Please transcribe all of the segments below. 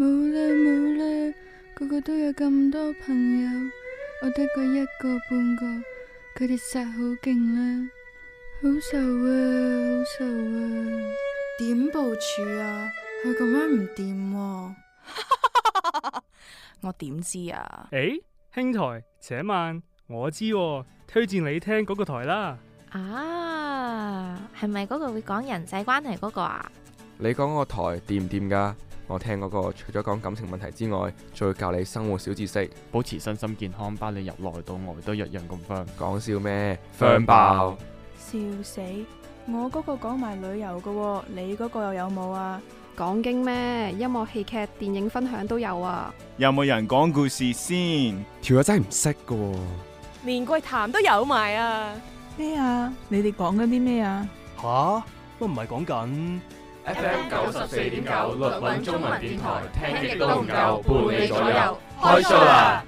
冇啦冇啦，個個都有咁多朋友，我得個一個半個，佢哋實好勁啦，好愁啊好愁啊，點、啊、部署啊？佢咁樣唔掂，我點知啊？誒、 啊哎，兄台，請慢，我知、啊，推薦你聽嗰個台啦。啊，係咪嗰個會講人際關係嗰個啊？你講個台掂唔掂噶？行我聽嗰個除咗講感情問題之外，再教你生活小知識，保持身心健康，幫你入內到外都一樣咁 fun。講笑咩？fun 爆！笑死！我嗰個講埋旅遊噶，你嗰個又有冇啊？講經咩？音樂、戲劇、電影分享都有啊。有冇人講故事先？條友仔唔識噶。連鬼談都有埋啊？咩啊？你哋講緊啲咩啊？吓？乜唔係講緊？FM 九十四點九，律品中文電台，聽極都唔夠，伴你左右，開 show 啦！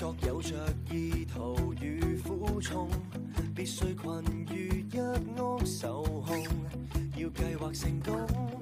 各有着意圖與負重，必須羣於一屋受控，要計劃成功。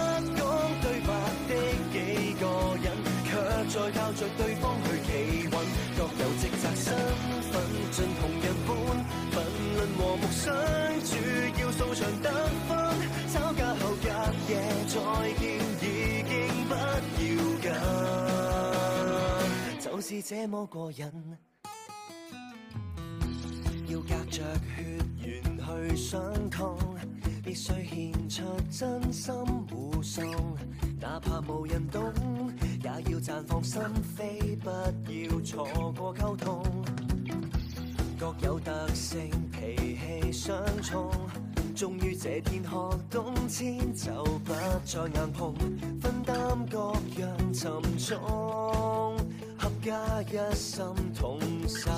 再靠着對方去企穩，各有職責身份盡同一本分，論和睦相處要掃場得分，吵架後隔夜再見已經不要緊， 就是這麼過癮，要隔着血緣去傷痛，必須獻出真心護送。哪怕無人懂，也要綻放心扉，不要錯過溝通。各有特性，脾氣相沖，終於這天學懂遷就，不再硬碰，分擔各樣沉重。合家一心同守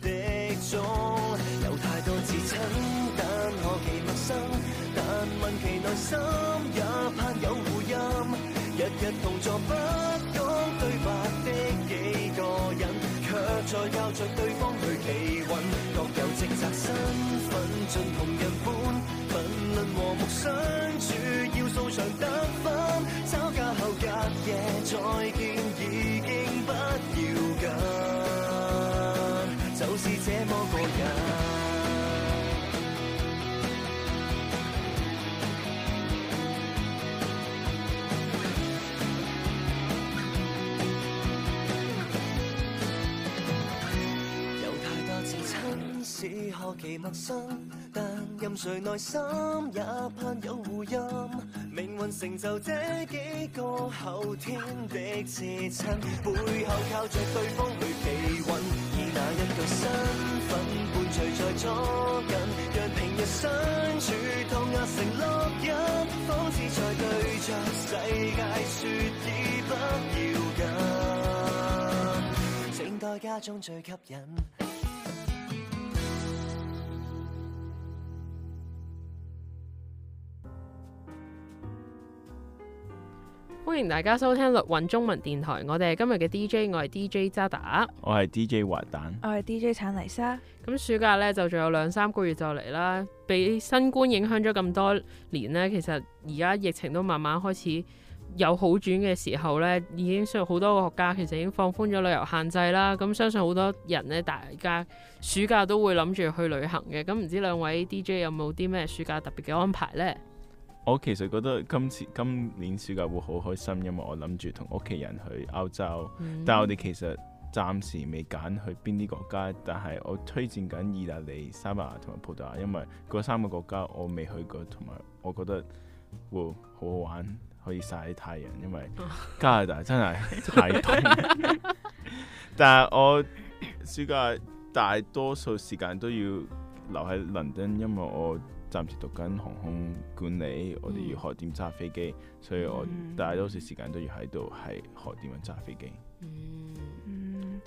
的種，有太多自親。我其陌生，但問其內心，也盼有回音。日日同坐不講對白的幾個人，卻在靠着對方去企穩，各有職責身份盡同人般，論和睦相處，要掃場燈。似何其陌生，但任誰內心也盼有回音。命運成就這幾個後天的至親，背後靠着對方去企穩，以那一個身份伴隨在左右，讓平日相處痛壓成烙印，仿似在對着世界説已不要緊。靜待家中最吸引。歡迎大家收聽綠雲中文電台，我哋今日嘅 DJ 我係 DJ 渣打，我係 DJ 滑蛋，我係 DJ 鏟泥莎。咁暑假咧就仲有兩三個月就嚟啦，俾新冠影響咗咁多年咧，其實而家疫情都慢慢開始有好轉嘅時候咧，已經有好多個國家其實已經放寬咗旅遊限制啦。咁相信好多人咧，大家暑假都會諗住去旅行嘅。咁唔知兩位 DJ 有冇啲咩暑假特別嘅安排咧？我其實覺得今次今年暑假會好開心，因為我諗住同屋企人去歐洲，嗯、但係我哋其實暫時未揀去邊啲國家，但係我推薦緊意大利、西班牙同埋葡萄牙，因為嗰三個國家我未去過，同埋我覺得會好好玩，可以曬啲太陽，因為加拿大真係太凍。 但係我暑假大多數時間都要留喺倫敦，因為我，暫時讀緊航空管理，嗯、我哋要學點揸飛機，嗯、所以我大多數時間都要喺度係學點樣揸飛機。嗯，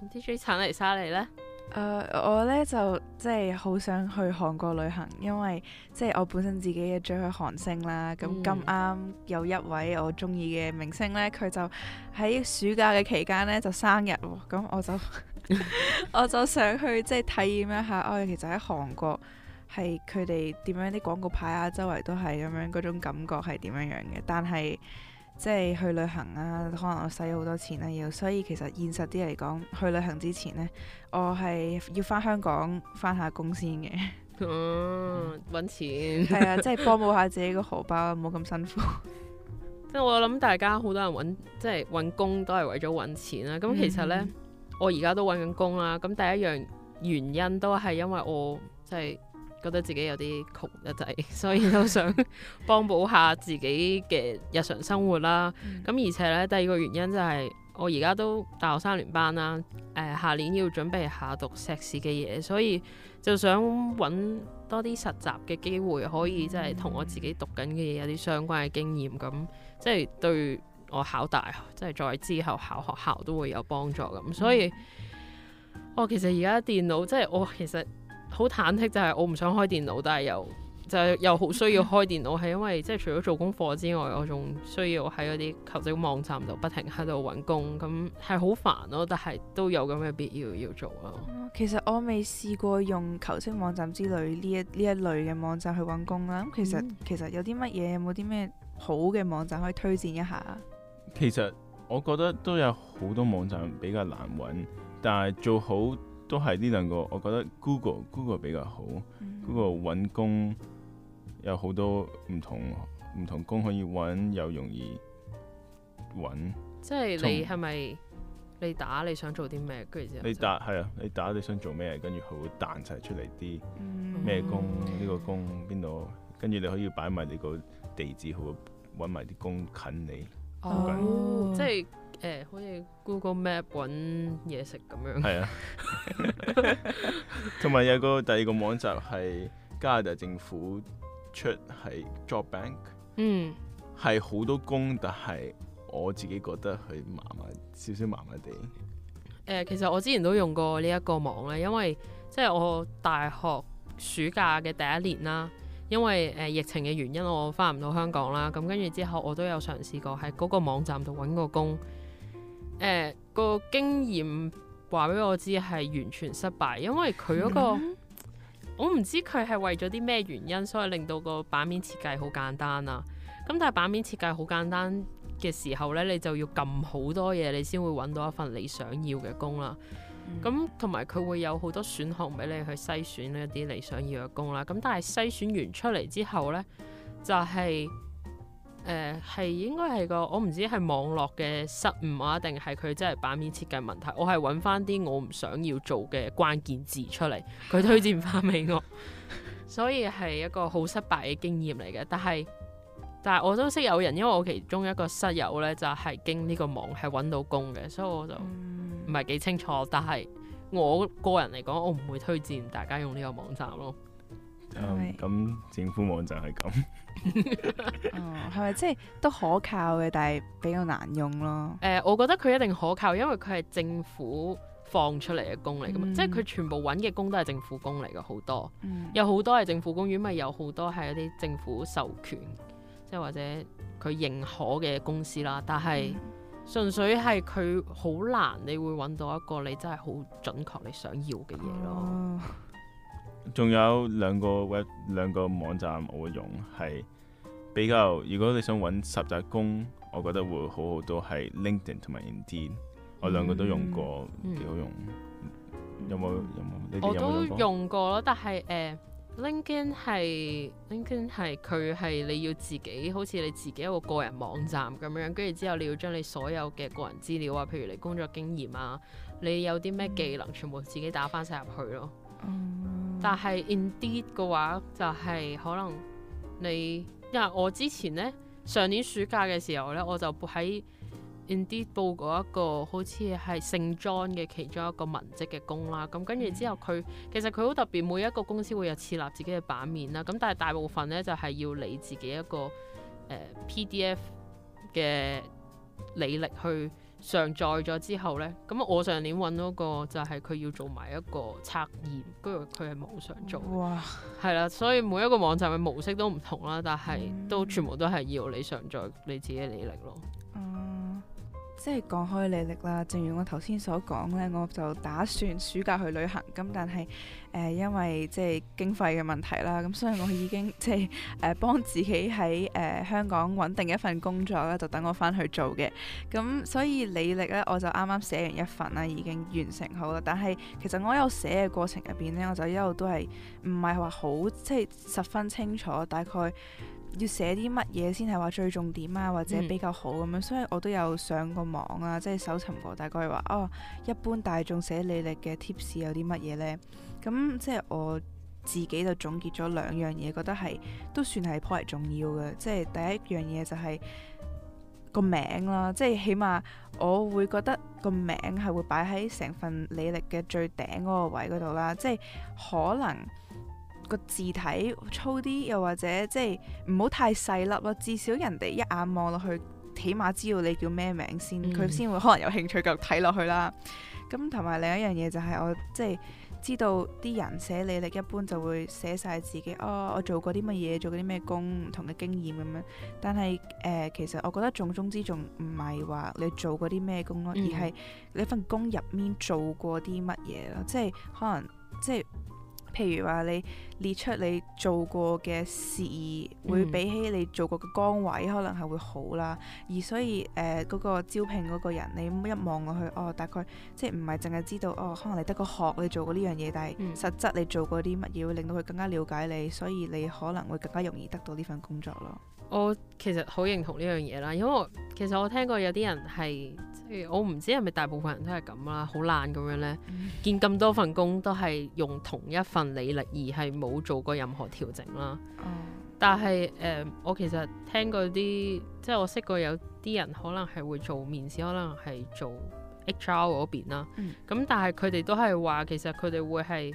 咁 DJ 鏟泥莎你呢？誒、呃，我呢就即係好想去韓國旅行，因為即係、就是、我本身自己嘅追星啦。咁咁啱有一位我中意嘅明星呢，佢就喺暑假嘅期間呢就生日喎，咁我就 我就想去即係體驗一下。我、就是就是、其實喺韓國。係佢哋點樣啲廣告牌啊，周圍都係咁樣嗰種感覺係點樣樣嘅。但係即係去旅行啊，可能我使好多錢啦、啊。要所以其實現實啲嚟講，去旅行之前呢，我係要返香港返下工先嘅。哦，搵錢係啊，即係幫補下自己個荷包，唔好咁辛苦。即係我諗，大家好多人搵即係揾工都係為咗揾錢啦、啊。咁、嗯、其實呢，我而家都揾緊工啦、啊。咁第一樣原因都係因為我即係。覺得自己有啲窮得滯，所以都想幫補下自己嘅日常生活啦。咁、嗯、而且咧，第二個原因就係、是、我而家都大學三年班啦，誒、呃、下年要準備下讀碩士嘅嘢，所以就想搵多啲實習嘅機會，可以即係同我自己讀緊嘅嘢有啲相關嘅經驗，咁即係對我考大即係再之後考學校都會有幫助咁。所以、嗯哦、其我其實而家電腦即係我其實。好忐忑就係、是、我唔想開電腦，但係又就係、是、又好需要開電腦，係因為即係、就是、除咗做功課之外，我仲需要喺嗰啲求職網站度不停喺度揾工，咁係好煩咯。但係都有咁嘅必要要做咯。其實我未試過用求職網站之類呢一呢一類嘅網站去揾工啦。咁其實、嗯、其實有啲乜嘢，有冇啲咩好嘅網站可以推薦一下？其實我覺得都有好多網站比較難揾，但係做好。都係呢兩個，我覺得 Google Google 比較好、嗯、，Google 揾工有好多唔同唔同工可以揾，又容易揾。即係是你係咪從你打你想做啲咩？跟住你打係啊，你打你想做咩？跟住佢會彈晒出嚟啲咩工？呢、嗯、個工邊度？跟住你可以擺埋你個地址，佢會揾埋啲工近你。哦，即係。誒、欸，好似 Google Map 揾嘢食咁樣。係是啊，同 埋 有個第二個網站係加拿大政府出，係 Job Bank，嗯，係好多工，但係我自己覺得佢麻麻，少少麻麻地。誒、欸，其實我之前都用過呢一個網咧，因為即係我大學暑假嘅第一年啦，因為誒、呃、疫情嘅原因，我翻唔到香港啦，咁跟住之後，我都有嘗試過喺嗰個網站度揾個工。誒個經驗話俾我知係完全失敗，因為佢嗰個 我唔知佢係為咗啲咩原因，所以令到個版面設計好簡單啊。咁但係版面設計好簡單嘅時候呢，你就要撳好多嘢，你先會揾到一份你想要嘅工啦。咁同埋佢會有好多選項俾你去篩選一啲你想要嘅工啦。咁但係篩選完出嚟之後呢，就係。誒係、呃、應該係個我唔知係網絡嘅失誤啊，定係佢真係版面設計問題？我係揾翻啲我唔想要做嘅關鍵字出嚟，佢推薦翻俾我， 所以係一個好失敗嘅經驗嚟嘅。但係但係我都識有人，因為我其中一個室友呢，就係、是、經呢個網係揾到工嘅，所以我就唔係幾清楚。但係我個人嚟講，我唔會推薦大家用呢個網站咯。咁、嗯，政府網站係咁。 哦，係咪即係都可靠嘅，但係比較難用咯？誒、呃，我覺得佢一定可靠，因為佢係政府放出嚟嘅工嚟噶嘛，嗯、即係佢全部揾嘅工都係政府工嚟嘅，好多，嗯、有好多係政府公園，咪有好多係一啲政府授權，即係或者佢認可嘅公司啦。但係純粹係佢好難，你會揾到一個你真係好準確你想要嘅嘢咯。哦仲有兩個 web 兩個網站我會用係比較，如果你想揾實習工，我覺得會好好多 Indeed，嗯，係 LinkedIn 同埋 Indeed，我兩個都用過幾好用。嗯、有冇有冇？有有有有我都用過咯，但係誒、呃、LinkedIn 係 LinkedIn 係佢係你要自己好似你自己一個個人網站咁樣，跟住之後你要將你所有嘅個人資料啊，譬如你工作經驗啊，你有啲咩技能，全部自己打翻晒入去咯。但係 Indeed 嘅話就係、是、可能你因為我之前呢，上年暑假嘅時候呢，我就喺 Indeed 報過一個好似係姓 John 嘅其中一個文職嘅工啦，咁跟住之後佢其實佢好特別，每一個公司會有設立自己嘅版面啦，咁但係大部分呢，就係、是、要你自己一個、呃、PDF 嘅履歷去。上載咗之後咧，咁我上年揾嗰個就係佢要做埋一個測驗，跟住佢係網上做。哇！係啦，所以每一個網站嘅模式都唔同啦，但係都、嗯、全部都係要你上載你自己嘅履歷咯。嗯即係講開履歷啦，正如我頭先所講呢，我就打算暑假去旅行。咁但係誒、呃，因為即係經費嘅問題啦，咁所以我已經即係誒、呃、幫自己喺誒、呃、香港穩定一份工作啦，就等我返去做嘅。咁所以履歷、歷呢，我就啱啱寫完一份啦，已經完成好啦。但係其實我一路寫嘅過程入邊呢，我就一路都係唔係話好即係十分清楚，大概，要寫啲乜嘢先係話最重點啊，或者比較好咁樣，嗯、所以我都有上過網啊，即係搜尋過，大概話：「哦，一般大眾寫履歷嘅貼士有啲乜嘢呢？」咁即係我自己就總結咗兩樣嘢，覺得係都算係頗為重要嘅。即係第一樣嘢就係、係、個名啦，即係起碼我會覺得個名係會擺喺成份履歷嘅最頂嗰個位嗰度啦，即係可能。個字體粗啲，又或者即係唔好太細粒咯。至少人哋一眼望落去，起碼知道你叫咩名先，佢先、嗯、會可能有興趣繼續睇落去啦。咁同埋另一樣嘢就係、是、我即係知道啲人寫你，你一般就會寫晒自己。哦，我做過啲乜嘢，做過啲咩工，唔同嘅經驗咁樣。但係誒、呃，其實我覺得重中之重唔係話你做過啲咩工咯，嗯、而係你份工入面做過啲乜嘢咯。即係可能即係。譬如話你列出你做過嘅事，會比起你做過嘅崗位，可能係會好啦。而所以誒嗰個招聘嗰個人，你一望落去，哦，大概即係唔係淨係知道哦，可能你得個學你做過呢樣嘢，但係實質你做過啲乜嘢會令到佢更加了解你，所以你可能會更加容易得到呢份工作咯。我其實好認同呢樣嘢啦，因為其實我聽過有啲人係。嗯、我唔知係咪大部分人都係咁啦，好懶咁樣咧，嗯、見咁多份工都係用同一份履歷，而係冇做過任何調整啦。嗯、但係誒、呃，我其實聽過啲，即係我識過有啲人可能係會做面試，可能係做 HR 嗰邊啦。咁、嗯、但係佢哋都係話，其實佢哋會係，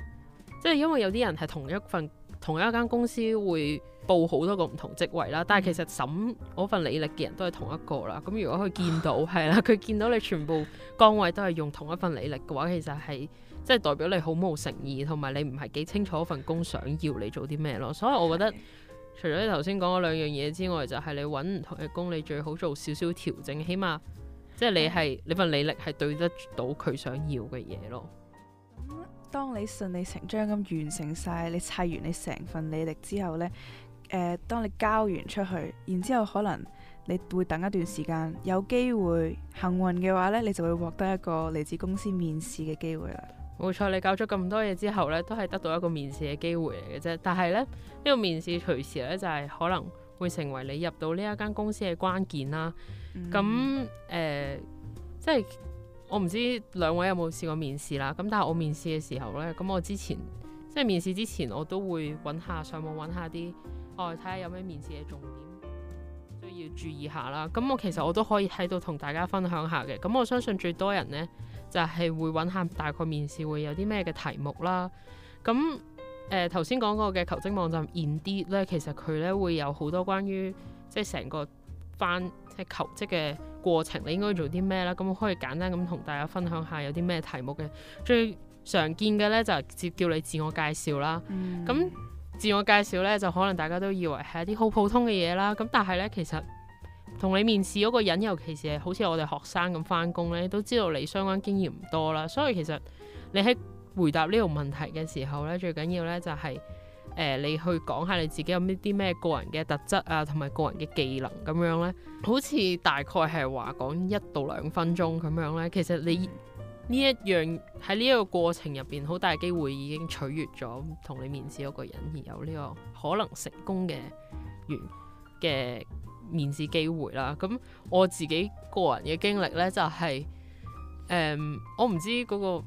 即係因為有啲人係同一份、同一間公司會。報好多個唔同職位啦，但係其實審嗰份履歷嘅人都係同一個啦。咁如果佢見到係 啦，佢見到你全部崗位都係用同一份履歷嘅話，其實係即係代表你好冇誠意，同埋你唔係幾清楚份工想要你做啲咩咯。所以我覺得，的除咗你頭先講嗰兩樣嘢之外，就係、是、你揾唔同嘅工，你最好做少少調整，起碼即係你係你份履歷係對得到佢想要嘅嘢咯。當你順理成章咁完成晒你砌完你成份履歷之後呢。誒、呃，當你交完出去，然之後可能你會等一段時間，有機會幸運嘅話呢，你就會獲得一個嚟自公司面試嘅機會啦。冇錯，你搞咗咁多嘢之後呢，都係得到一個面試嘅機會嚟嘅啫。但係呢，呢、呢個面試，隨時呢，就係、係、可能會成為你入到呢一間公司嘅關鍵啦。咁誒，即係我唔知兩位有冇試過面試啦。咁但係我面試嘅時候呢，咁我之前即係面試之前，我都會揾下上網揾下啲。睇下、哦、有咩面試嘅重點需要注意下啦。咁我其實我都可以喺度同大家分享下嘅。咁我相信最多人呢，就係、是、會揾下大概面試會有啲咩嘅題目啦。咁誒頭先講過嘅求職網站 Indeed 咧，其實佢咧會有好多關於即係成個翻即係求職嘅過程，你應該做啲咩啦。咁可以簡單咁同大家分享下有啲咩題目嘅。最常見嘅呢，就係直接叫你自我介紹啦。咁、嗯自我介紹咧，就可能大家都以為係一啲好普通嘅嘢啦。咁但係咧，其實同你面試嗰個人，尤其是係好似我哋學生咁返工咧，都知道你相關經驗唔多啦。所以其實你喺回答呢個問題嘅時候咧，最緊要咧就係、是、誒、呃，你去講下你自己有咩啲咩個人嘅特質啊，同埋個人嘅技能咁樣咧。好似大概係話講一到兩分鐘咁樣咧。其實你。呢一樣喺呢一個過程入邊，好大機會已經取悅咗同你面試嗰個人而有呢個可能成功嘅嘅面試機會啦。咁、嗯、我自己個人嘅經歷呢，就係、是、誒、嗯，我唔知嗰個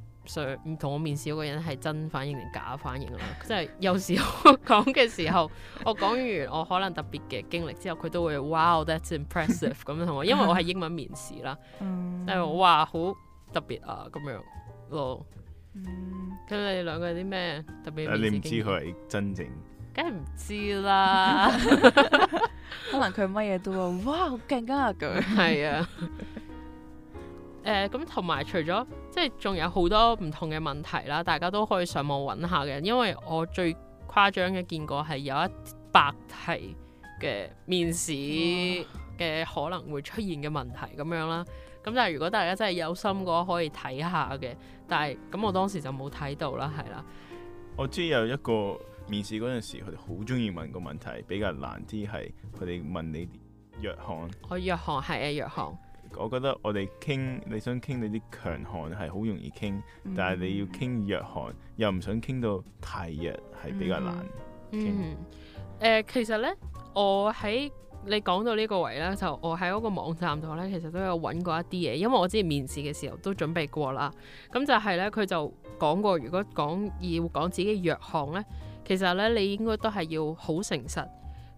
唔同我面試嗰個人係真反應定假反應啦。即係 有時候我講嘅時候， 我講完我可能特別嘅經歷之後，佢都會 wow that's impressive 咁樣同 我，因為我係英文面試啦。 但係我話好。特別啊咁樣咯，咁、嗯、你哋兩個有啲咩特別？你唔知佢係真正，梗係唔知啦。 可能佢乜嘢都，哇好勁啊佢！係啊，誒咁 是、啊 呃、同埋除咗即係仲有好多唔同嘅問題啦，大家都可以上網揾下嘅，因為我最誇張嘅見過係有一百題嘅面試嘅可能會出現嘅問題咁樣啦。咁但係如果大家真係有心嘅話，可以睇下嘅。但係咁，我當時就冇睇到啦，係啦。我知有一個面試嗰陣時，佢哋好中意問個問題，比較難啲係，佢哋問你弱項。我弱項係啊，弱項。我覺得我哋傾，你想傾你啲強項係好容易傾，嗯、但係你要傾弱項，又唔想傾到太弱，係比較難嗯。嗯。誒、呃，其實咧，我喺。你講到呢個位咧，就我喺嗰個網站度咧，其實都有揾過一啲嘢，因為我之前面試嘅時候都準備過啦。咁就係咧，佢就講過，如果講要講自己嘅弱項咧，其實咧你應該都係要好誠實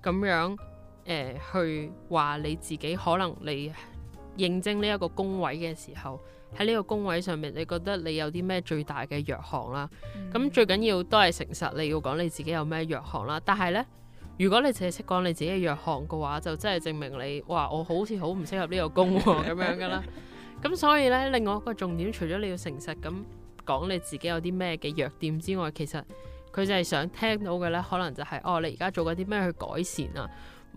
咁樣誒、呃，去話你自己可能你應徵呢一個工位嘅時候，喺呢個工位上面，你覺得你有啲咩最大嘅弱項啦？咁、嗯、最緊要都係誠實，你要講你自己有咩弱項啦。但係咧。如果你凈係識講你自己弱項嘅話，就真係證明你，哇！我好似好唔適合呢個工喎、啊，咁樣噶啦。咁 所以咧，另外一個重點，除咗你要誠實咁講你自己有啲咩嘅弱點之外，其實佢就係想聽到嘅咧，可能就係、是、哦，你而家做緊啲咩去改善啊？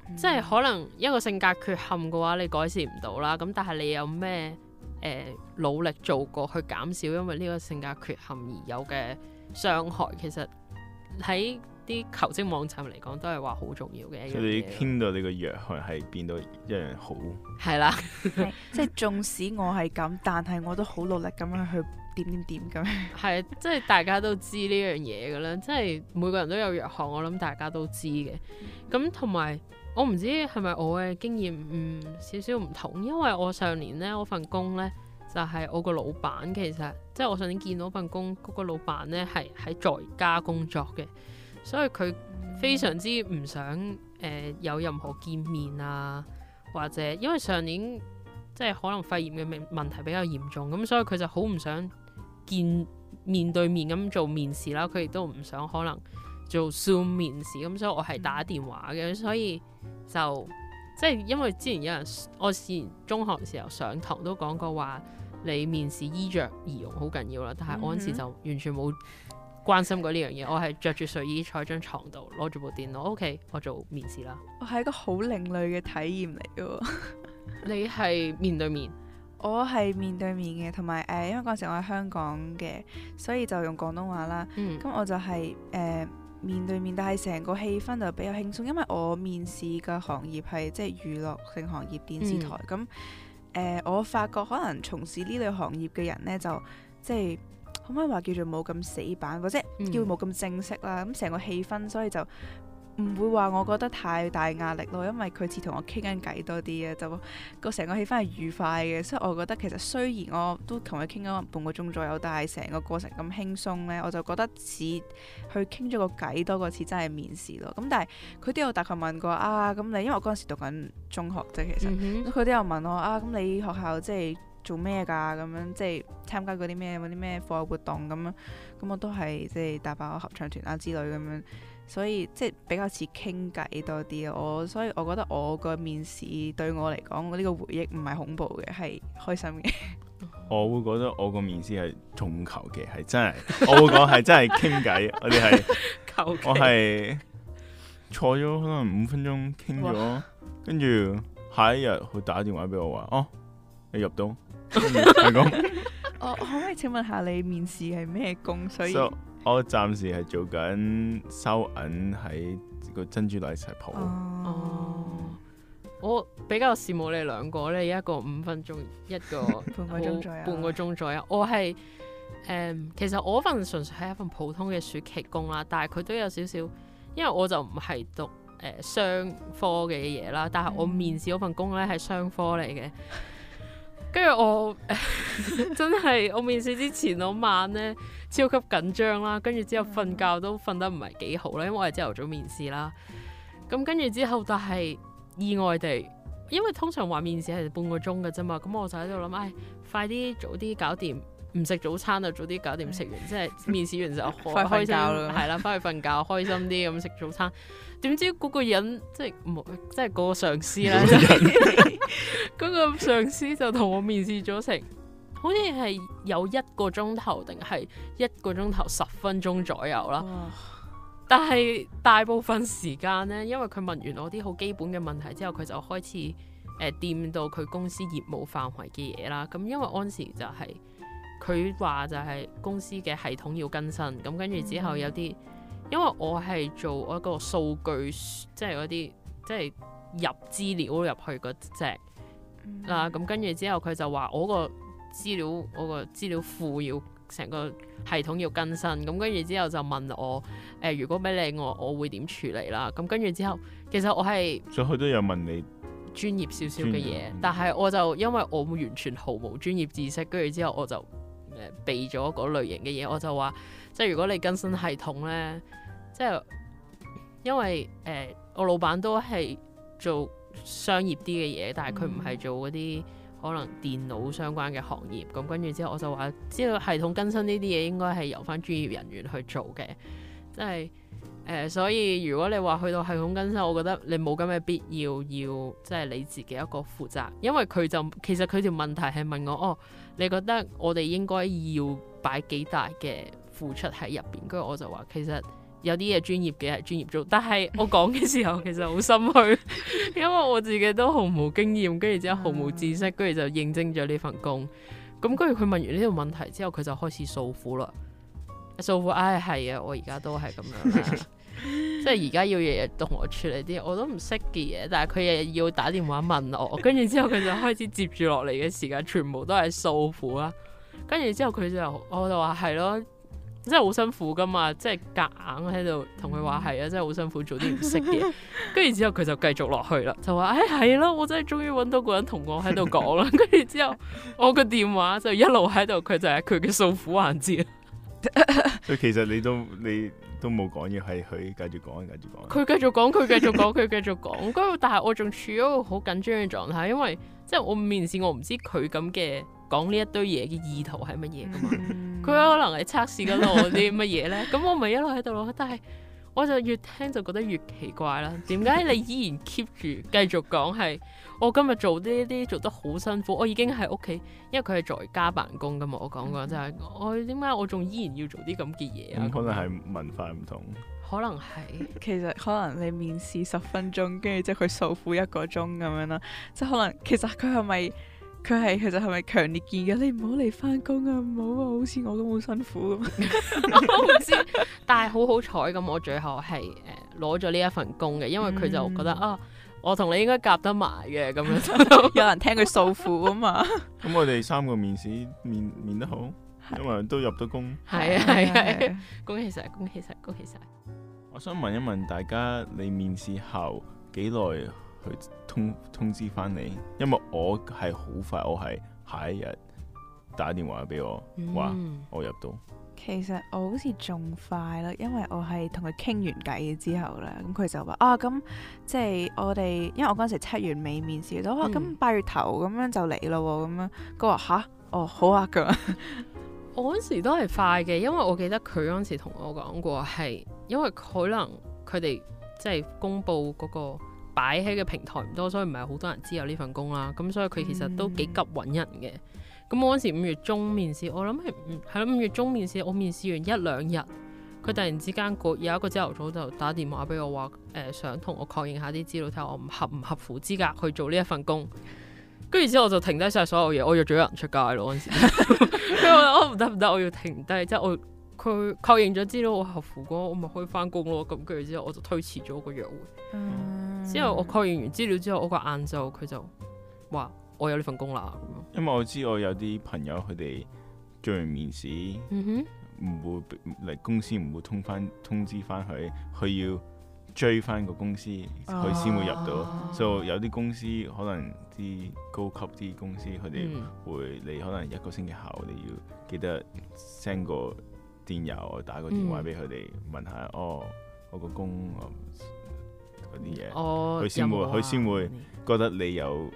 嗯、即係可能一個性格缺陷嘅話，你改善唔到啦。咁但係你有咩誒、呃、努力做過去減少因為呢個性格缺陷而有嘅傷害？其實喺啲求職網站嚟講，都係話好重要嘅。所以你傾到你個弱項係變到一樣好係啦，即係縱使我係咁，但係我都好努力咁樣去點點點咁樣係，即係大家都知呢樣嘢噶啦。即係每個人都有弱項，我諗大家都知嘅。咁同埋我唔知係咪我嘅經驗唔、嗯、少少唔同，因為我上年咧我份工咧就係、係、我個老闆其實即係我上年見到份工嗰、嗰個老闆咧係喺在家工作嘅。所以佢非常之唔想誒、呃、有任何見面啊，或者因為上年即係可能肺炎嘅問問題比較嚴重，咁所以佢就好唔想見面對面咁做面試啦。佢亦都唔想可能做 Zoom 面試咁，所以我係打電話嘅。所以就即係因為之前有人我以前中學時候上堂都講過話，你面試衣着儀容好緊要啦，但係我嗰時就完全冇，嗯關心過呢樣嘢，我係着住睡衣坐喺張床度，攞住部電腦。OK，我做面試啦。我係一個好另類嘅體驗嚟嘅喎。 你係面對面，我係面對面嘅，同埋誒，因為嗰陣時我喺香港嘅，所以就用廣東話啦。嗯。咁我就係、係、誒、呃、面對面，但係成個氣氛就比較輕鬆，因為我面試嘅行業係即係娛樂性行業，電視台咁。誒、嗯呃，我發覺可能從事呢類行業嘅人咧，就即係。就係可唔可以話叫做冇咁死板，或者叫冇咁正式啦，咁成、嗯、個氣氛，所以就唔會話我覺得太大壓力咯，因為佢似同我傾緊偈多啲啊，就個成個氣氛係愉快嘅，所以我覺得其實雖然我都同佢傾咗半個鐘左右，但係成個過程咁輕鬆呢，我就覺得似去傾咗個偈多過似真係面試咯。咁但係佢都有大概問過啊，咁你因為我嗰陣時讀緊中學啫，其實佢都、嗯、哼有問我啊，咁你學校即係。做咩噶咁樣？即係參加嗰啲咩？嗰啲咩課外活動咁啊？咁我都係即係打爆合唱團啊之類咁樣，所以即係比較似傾偈多啲咯。我所以我覺得我個面試對我嚟講，我、這、呢個回憶唔係恐怖嘅，係開心嘅。我會覺得我個面試係重求其，係真係。 我會講係真係傾偈。 我哋係，便我係坐咗可能五分鐘傾咗，跟住哇下一日佢打電話俾我話：哦、啊，你入到？係 咁、嗯， 我可唔可以請問下你面試係咩工？所以，so, 我暫時係做緊收銀喺個珍珠奶茶鋪。哦，oh. oh. 我比較羨慕你兩個咧，你一個五分鐘，一個， 一個半個鐘左右， 半個鐘左右。我係誒，um, 其實我份純粹係一份普通嘅暑期工啦，但係佢都有少少，因為我就唔係讀誒呃、商科嘅嘢啦，但係我面試嗰份工咧係商科嚟嘅。 跟住我 真係我面試之前嗰晚咧，超級緊張啦，跟住之後瞓覺都瞓得唔係幾好啦，因為我係朝頭早面試啦。咁跟住之後，但係意外地，因為通常話面試係半個鐘㗎啫嘛，咁我就喺度諗，唉、哎，快啲早啲搞掂。唔食早餐就早啲搞掂食完，嗯、即係面試完就開瞓 心覺啦，係啦，翻去瞓覺開心啲咁食早餐。點知嗰個人即係即係嗰個上司啦，嗰人 個上司就同我面試咗成，好似係有一個鐘頭定係一個鐘頭十分鐘左右啦。哇但係大部分時間咧，因為佢問完我啲好基本嘅問題之後，佢就開始誒掂、呃、到佢公司業務範圍嘅嘢啦。咁因為陣時就係、是。佢話就係公司嘅系統要更新，咁跟住之後有啲，因為我係做一個數據，即係嗰啲即係入資料入去嗰隻嗱，咁跟住之後，佢就話我個資料，我個資料庫要成個系統要更新，咁跟住之後就問我誒、呃，如果俾你我，我我會點處理啦？咁跟住之後，其實我係上去都有問你專業少少嘅嘢，但係我就因為我完全毫無專業知識，跟住之後我就。誒避咗嗰類型嘅嘢，我就話即係如果你更新系統呢，即係因為誒、呃、我老闆都係做商業啲嘅嘢，但係佢唔係做嗰啲可能電腦相關嘅行業。咁跟住之後，我就話知道系統更新呢啲嘢應該係由返專業人員去做嘅，即係誒、呃。所以如果你話去到系統更新，我覺得你冇咁嘅必要要即係你自己一個負責，因為佢就其實佢條問題係問我哦。你覺得我哋應該要擺幾大嘅付出喺入邊？跟住我就話其實有啲嘢專業嘅係專業做，但係我講嘅時候其實好心虛， 因為我自己都毫無經驗，跟住之後毫無知識，跟住就應徵咗呢份工。咁跟住佢問完呢個問題之後，佢就開始訴苦啦，訴苦。唉，係啊，我而家都係咁樣。 即係而家要日日同我處理啲我都唔識嘅嘢，但係佢日日要打電話問我，跟住之後佢就開始接住落嚟嘅時間，全部都係訴苦啦。跟住之後佢就我就話係咯，真係好辛苦噶嘛，即係夾硬喺度同佢話係啊，真係好辛苦做啲唔識嘅。跟住之後佢就繼續落去啦，就話誒係咯，我真係終於揾到個人同我喺度講啦。跟住之後我個電話就一路喺度，佢就係佢嘅訴苦環節。佢 其實你都你都冇講嘢，係佢繼續講，繼續講。佢繼續講，佢繼續講，佢繼續講。咁但係我仲處於一個好緊張嘅狀態，因為即係我面試，我唔知佢咁嘅講呢一堆嘢嘅意圖係乜嘢噶嘛？佢、嗯、可能係測試緊我啲乜嘢咧？咁 我咪一路喺度咯。但係我就越聽就覺得越奇怪啦。點解你依然 keep 住繼續講係？我今日做呢啲做得好辛苦，我已經喺屋企，因為佢係在家辦公噶嘛，我講過、嗯、就係、係、我點解我仲依然要做啲咁嘅嘢啊？可能係文化唔同，可能係其實可能你面試十分鐘，跟住即係佢受苦一個鐘咁樣啦，即係可能其實佢係咪佢係其實係咪強烈建議你唔好嚟翻工啊？唔好話好似我都好辛苦， 我唔知，但係好好彩咁，我最後係誒攞咗呢一份工嘅，因為佢就覺得、嗯、啊。我同你應該夾得埋嘅，咁樣都有人聽佢訴苦啊嘛。咁 我哋三個面試面面得好，對 因為都入到工。係啊係啊，是是 恭喜晒恭喜晒恭喜晒。我想問一問大家，你面試後幾耐去通通知翻你？因為我係好快，我係下一日打電話俾我話、嗯、我入到。其實我好似仲快啦，因為我係同佢傾完偈之後咧，咁佢就話啊，咁即係我哋，因為我嗰陣時七月尾面，面試，到，我話咁八月頭咁樣就嚟咯，哦，咁樣佢話吓，哦好啊咁。 我嗰時都係快嘅，因為我記得佢嗰時同我講過係，因為可能佢哋即係公布嗰個擺喺嘅平台唔多，所以唔係好多人知有呢份工啦。咁所以佢其實都幾急搵人嘅。嗯咁我嗰時五月中面試，我諗係，係咯五月中面試，我面試完一兩日，佢突然之間過，有一個朝頭早就打電話俾我話，誒、呃、想同我確認下啲資料，睇下我唔合唔合乎資格去做呢一份工。跟住之後我就停低晒所有嘢，我約咗人出街咯嗰時。我唔得唔得，我要停低，即係我佢確認咗資料我合乎。我咪可以返工咯。咁跟住之後我就推遲咗個約會。之、嗯嗯、後我確認完資料之後，我個晏晝佢就話。我有呢份工啦。因為我知我有啲朋友，佢哋做完面試，唔、嗯、哼會嚟公司，唔會通翻通知翻佢，佢要追翻個公司，佢先、啊、會入到。所、so, 以有啲公司可能啲高級啲公司，佢哋、嗯、會你可能一個星期後，你要記得 send 個電郵，打個電話俾佢哋問下哦，我個工啲嘢，佢先、哦、會佢先會覺得你有。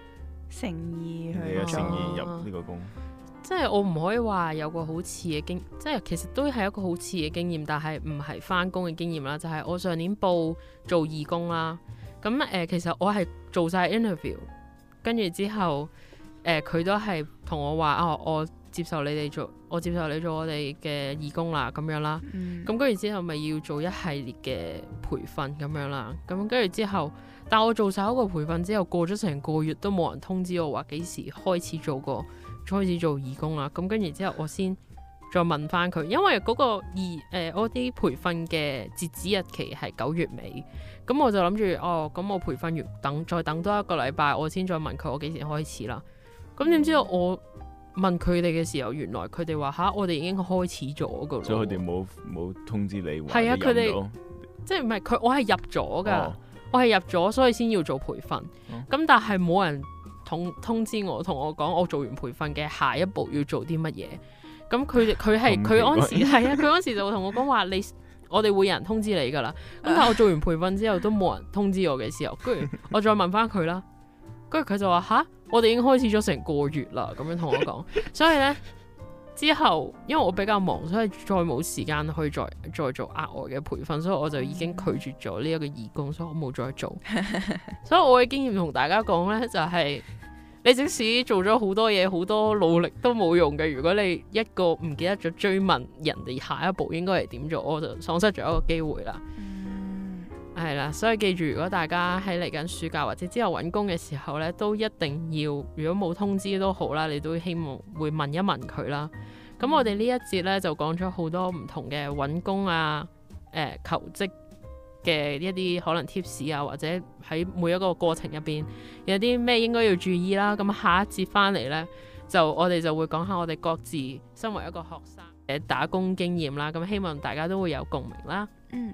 誠意去，你嘅誠意入呢個工，哦、即係我唔可以話有個好似嘅經，即係其實都係一個好似嘅經驗，但係唔係翻工嘅經驗啦。就係、是、我上年報做義工啦，咁誒、呃、其實我係做晒 interview，跟住之後誒佢、呃、都係同我話啊，我接受你哋做，我接受你做我哋嘅義工啦，咁樣啦，咁跟住之後咪要做一系列嘅培訓咁樣啦，咁跟住之後。但我做晒嗰個培訓之後，過咗成個月都冇人通知我話幾時開始做過開始做義工啦。咁跟住之後我、那個呃我哦我，我先再問翻佢，因為嗰個義我啲培訓嘅截止日期係九月尾，咁我就諗住哦，咁我培訓完等再等多一個禮拜，我先再問佢我幾時開始啦。咁點知道我問佢哋嘅時候，原來佢哋話吓，我哋已經開始咗噶啦，所以佢哋冇冇通知你，係啊，佢哋，即係唔係佢我係入咗噶。哦我係入咗，所以先要做培訓。咁、嗯、但係冇人通通知我，同我講我做完培訓嘅下一步要做啲乜嘢。咁佢佢係佢嗰時係 啊，佢嗰時就會同我講話， 你我哋會有人通知你噶啦。咁但係我做完培訓之後都冇人通知我嘅時候，跟住我再問翻佢啦。跟住佢就話吓，我哋已經開始咗成個月啦，咁樣同我講。所以咧。之後，因為我比較忙，所以再冇時間去再再做額外嘅培訓，所以我就已經拒絕咗呢一個義工，所以我冇再做。 所以我嘅經驗同大家講呢，就係你即使做咗好多嘢，好多努力都冇用嘅。如果你一個唔記得咗追問人哋下一步應該係點做，我就喪失咗一個機會啦。係啦，所以記住，如果大家喺嚟緊暑假或者之後揾工嘅時候呢，都一定要，如果冇通知都好啦，你都希望會問一問佢啦。咁我哋呢一節呢，就講咗好多唔同嘅揾工啊、呃、求職嘅一啲可能 tips 啊，或者喺每一個過程入邊有啲咩應該要注意啦。咁下一節翻嚟呢，就我哋就會講下我哋各自身為一個學生嘅打工經驗啦。咁希望大家都會有共鳴啦。嗯。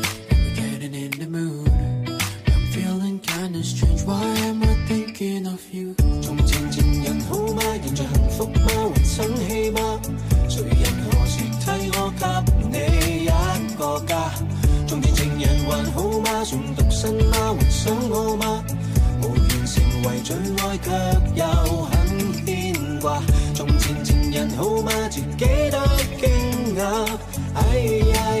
算獨身嗎？活想我嗎？無緣成為最愛，卻又很牽掛。從前情人好嗎？自己都驚訝。哎呀！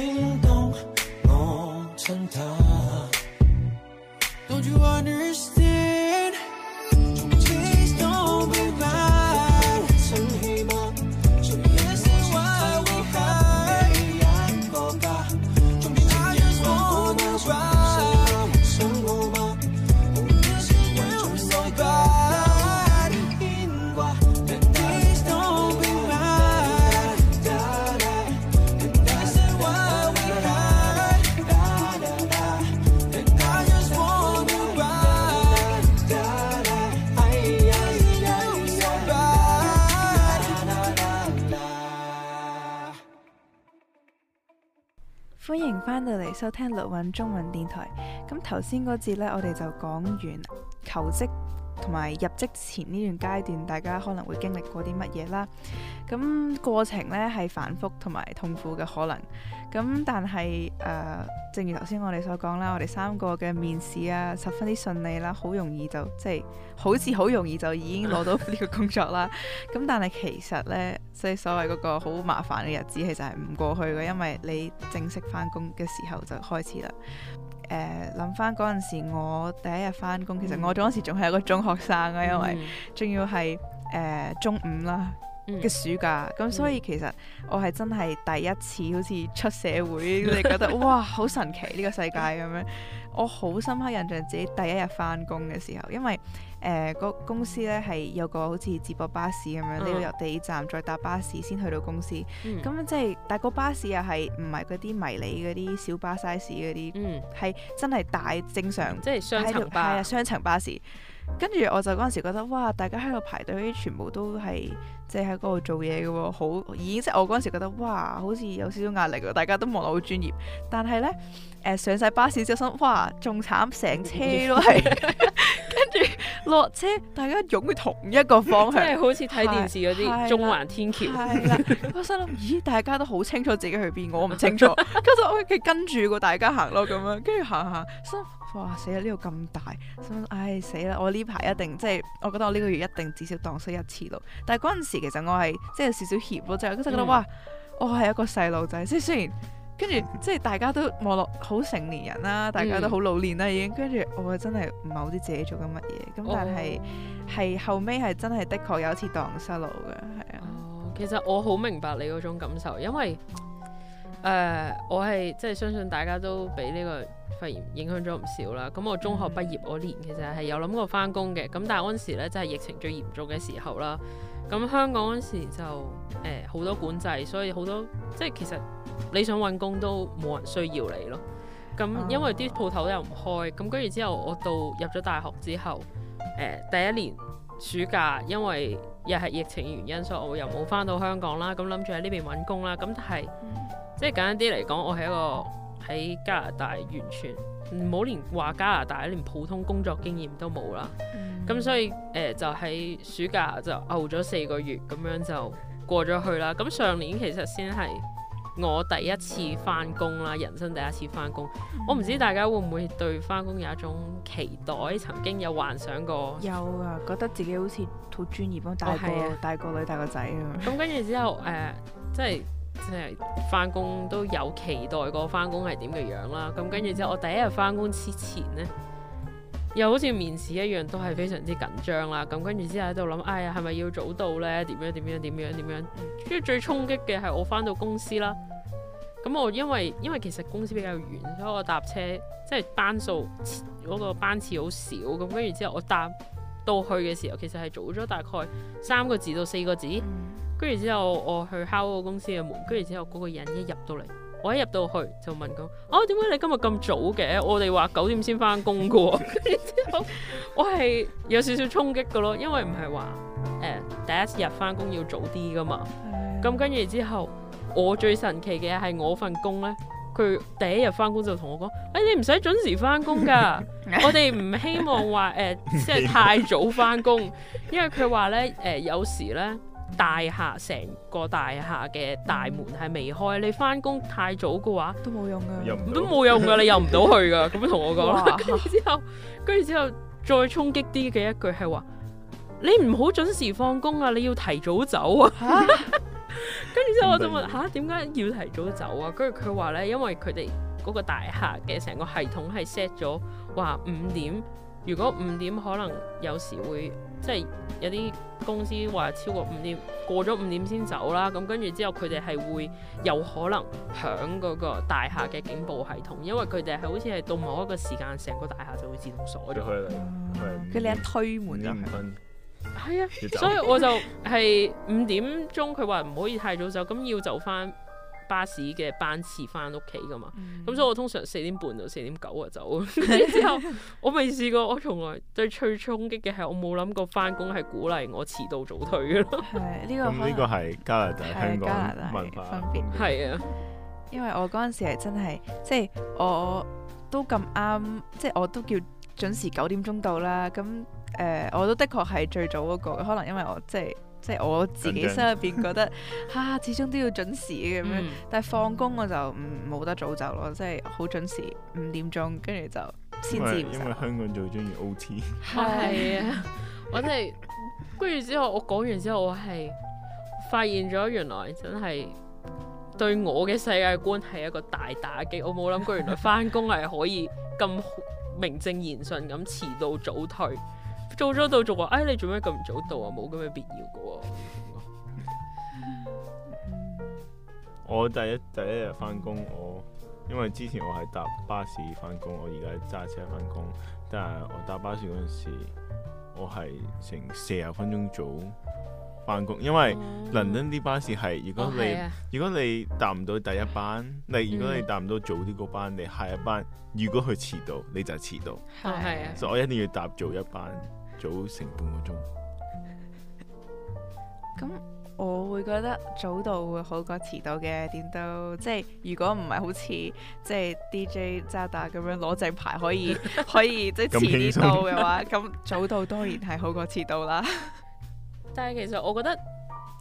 收聽樂韻中文電台。咁頭先嗰節呢，我哋就講完求職。同埋入職前呢段階段，大家可能會經歷過啲乜嘢啦？咁過程呢係反覆同埋痛苦嘅可能。咁但係誒、呃，正如頭先我哋所講啦，我哋三個嘅面試啊，十分之順利啦，好容易就即係、即係、好似好容易就已經攞到呢個工作啦。咁 但係其實呢，即係所謂嗰個好麻煩嘅日子，其實係唔過去嘅，因為你正式翻工嘅時候就開始啦。誒諗翻嗰陣時，我第一日翻工，其實我嗰陣時仲係一個中學生啊，因為仲要係誒、呃、中五啦嘅暑假，咁、嗯、所以其實我係真係第一次好似出社會， 你覺得哇好神奇呢、呢個世界咁樣，嗯、我好深刻印象自己第一日翻工嘅時候，因為，誒、呃嗰個公司咧係有個好似接駁巴士咁樣，你要由地鐵站再搭巴士先去到公司。咁、嗯、即係，但個巴士又係唔係嗰啲迷你嗰啲小巴 size 嗰啲，係、嗯、真係大正常，即係雙層巴、啊、雙層巴士。跟住我就嗰陣時覺得哇，大家喺度排隊，全部都係即係喺嗰度做嘢嘅喎，好咦，即係我嗰陣時覺得哇，好似有少少壓力喎，大家都望得好專業。但係呢，誒、呃，上晒巴士之後，心哇仲慘，成車都係 跟住。落車，大家擁去同一個方向，即係 好似睇電視嗰啲是中環天橋。的 我心諗咦，大家都好清楚自己去邊，我唔清楚。 跟住我企跟住個大家行咯，咁樣跟住行行，心哇死啦！呢度咁大，心唉、哎、死啦！我呢排一定即係我覺得我呢個月一定至少蕩失一次路。但係嗰陣時其實我係即係有少少怯咯，就係覺得、嗯、哇，我係一個細路仔，即係雖然。跟住 即係大家都望落好成年人啦，大家都好老練啦已經。跟住、嗯、我真係唔係好知自己做緊乜嘢。咁但係係、哦、後尾係真係的確有一次蕩失路嘅，係啊、哦。其實我好明白你嗰種感受，因為誒、呃、我係即係相信大家都俾呢個肺炎影響咗唔少啦。咁我中學畢業嗰年、嗯、其實係有諗過翻工嘅，咁但係嗰陣時咧真係疫情最嚴重嘅時候啦。咁香港嗰時就誒好、呃、多管制，所以好多即係其實你想搵工都冇人需要你咯。咁因為啲鋪頭又唔開，咁跟住之後我到入咗大學之後，誒、呃、第一年暑假，因為又係疫情原因，所以我又冇返到香港啦。咁諗住喺呢邊搵工啦。咁但係、嗯、即係簡單啲嚟講，我係一個喺加拿大完全。唔好連話加拿大，連普通工作經驗都冇啦。咁、嗯、所以誒、呃，就喺暑假就熬咗四個月，咁樣就過咗去啦。咁上年其實先係我第一次返工啦，嗯、人生第一次返工。嗯、我唔知大家會唔會對返工有一種期待？曾經有幻想過，有啊，覺得自己好似好專業咯。大個、哦啊、大個女大個仔啊嘛。咁跟住之後誒、呃，即係。即係翻工都有期待過翻工係點嘅樣啦，咁跟住之後我第一日翻工之前呢，又好似面試一樣，都係非常之緊張啦。咁跟住之後喺度諗，哎呀，係咪要早到呢？點樣點樣點樣點樣？跟住最衝擊嘅係我翻到公司啦。咁我因為因為其實公司比較遠，所以我搭車即係班數嗰個班次好少。咁跟住之後我搭到去嘅時候，其實係早咗大概三個字到四個字。跟住之後，我去敲個公司嘅門，跟住之後嗰個人一入到嚟，我一入到去就問佢，哦、啊，點解你今日咁早嘅？我哋話九點先翻工噶。跟 住之後，我係有少少衝擊噶咯，因為唔係話誒，第一次日翻工要早啲噶嘛。咁跟住之後，我最神奇嘅係我份工咧，佢第一日翻工就同我講，誒、哎，你唔使準時翻工噶， 我哋唔希望話誒，即、呃、係太早翻工，因為佢話咧，誒、呃，有時咧。大廈成個大廈嘅大門係未開，嗯、你翻工太早嘅話都冇用噶，都冇用噶，你入唔到去噶。咁 樣同我講啦。跟住哇之後，跟住之後再衝擊啲嘅一句係話：你唔好準時放工啊，你要提早走啊。跟 住、啊、 之後，我就問：吓，點解、啊、要提早走啊？跟住佢話咧，因為佢哋嗰個大廈嘅成個系統係 set 咗話五點，如果五點可能有時會。即係有啲公司話超過五點過咗五點先走啦，咁跟住之後佢哋係會有可能響嗰個大廈嘅警報系統，因為佢哋係好似係到某一個時間，成個大廈就會自動鎖咗。佢你一推門就係啊，所以我就係五點鐘佢話唔可以太早走，咁要走翻。巴士嘅班次翻屋企㗎嘛，咁、嗯嗯、所以我通常四點半到四點九就走。 之後我未試過，我從來最最衝擊嘅係我冇諗過翻工係鼓勵我遲到早退嘅囉。係呢、這個咁呢個係加拿大香港加拿大文化拿大分別。係啊，因為我嗰陣時係真係，即、就、係、是、我都咁啱，即、就、係、是、我都叫準時九點鐘到啦。咁誒、呃，我都的確係最早嗰、那個，可能因為我即係。就是即係我自己心入邊覺得嚇緊張、 啊，始終都要準時咁樣。嗯、但係放工我就唔冇得早走咯，嗯、即係好準時五點鐘，跟住就先。先至，因為香港最中意 OT。係 啊！我真係跟住之後，我講完之後，我係發現咗原來真係對我嘅世界觀係一個大打擊。我冇諗過原來返工係可以咁名正言順咁遲到早退。到咗度仲話，哎你做咩咁早到啊？冇咁嘅必要㗎喎。 我第一第一日翻工，我因為之前我係搭巴士翻工，我而家揸車翻工。但係我搭巴士嗰陣時，我係成四十分鐘早翻工，因為倫敦啲巴士係如果你、哦啊、如果你搭唔到第一班，你、嗯、如果你搭唔到早啲嗰班，你下一班如果佢遲到，你就係遲到。係啊，嗯、啊所以我一定要搭早一班。早成半個鐘，咁、嗯、我會覺得早到會好過遲到嘅，點都即係如果唔係好似即係 DJ 渣打咁樣攞隻牌可以可以，可以 即係遲啲到嘅話，咁早到當然係好過遲到啦。 但係其實我覺得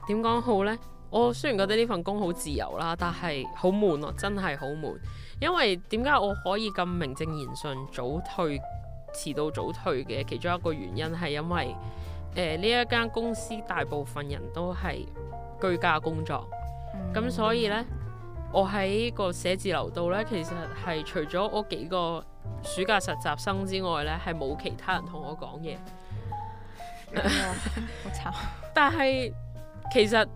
點講好呢？我雖然覺得呢份工好自由啦，但係好悶咯，真係好悶。因為點解我可以咁名正言順早退？遲到早退嘅其中一個原因係因為誒呢、呃、一間公司大部分人都係居家工作，咁、嗯、所以呢，嗯、我喺個寫字樓度呢，其實係除咗我幾個暑假實習生之外呢，係冇其他人同我講嘢。好 慘、嗯！嗯、慘 但係其實。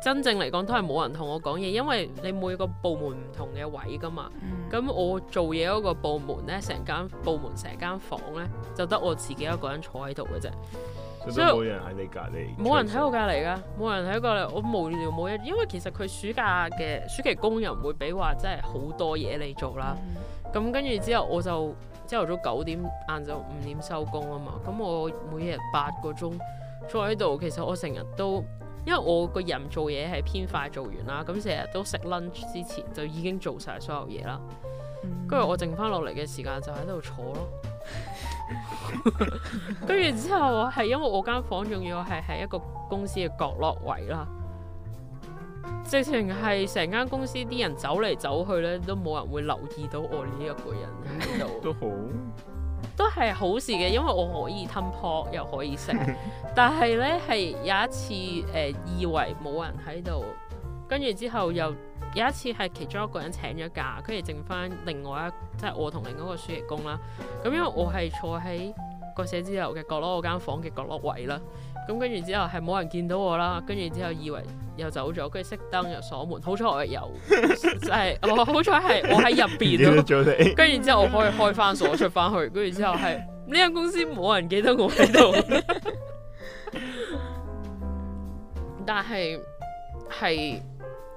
真正嚟講都係冇人同我講嘢，因為你每個部門唔同嘅位噶嘛。咁、嗯嗯、我做嘢嗰個部門呢，成間部門成間房呢，就得我自己一個人坐喺度嘅啫。所以、嗯、冇人喺你隔離。冇人喺我隔離噶，冇人喺我隔離。我無聊冇嘢，因為其實佢暑假嘅暑期工人唔會比話真係好多嘢你做啦。咁跟住之後，我就朝頭早九點，晏晝五點收工啊嘛。咁我每日八個鐘坐喺度，其實我成日都。因為我個人做嘢係偏快做完啦，咁成日都食 lunch 之前就已經做晒所有嘢啦，跟住、嗯、我剩翻落嚟嘅時間就喺度坐咯。跟 住之後係因為我間房仲要係喺一個公司嘅角落位啦，直情係成間公司啲人走嚟走去咧，都冇人會留意到我呢一個人喺度。都好。都係好事嘅，因為我可以吞破又可以食。 但係呢，係有一次誒、呃，以為冇人喺度，跟住之後又有一次係其中一個人請咗假，跟住剩翻另外一即係我同另一個暑期工啦。咁、啊、因為我係坐喺個寫字樓嘅角落我間房嘅角落位啦。咁跟住之後係冇人見到我啦，跟、啊、住之後以為。又走咗，跟住熄燈又鎖門。好彩我有，即、就、係、是、 好彩係我喺入邊，跟住之後我可以開翻鎖出翻去，跟住之後係呢間公司冇人記得我喺度。 但係係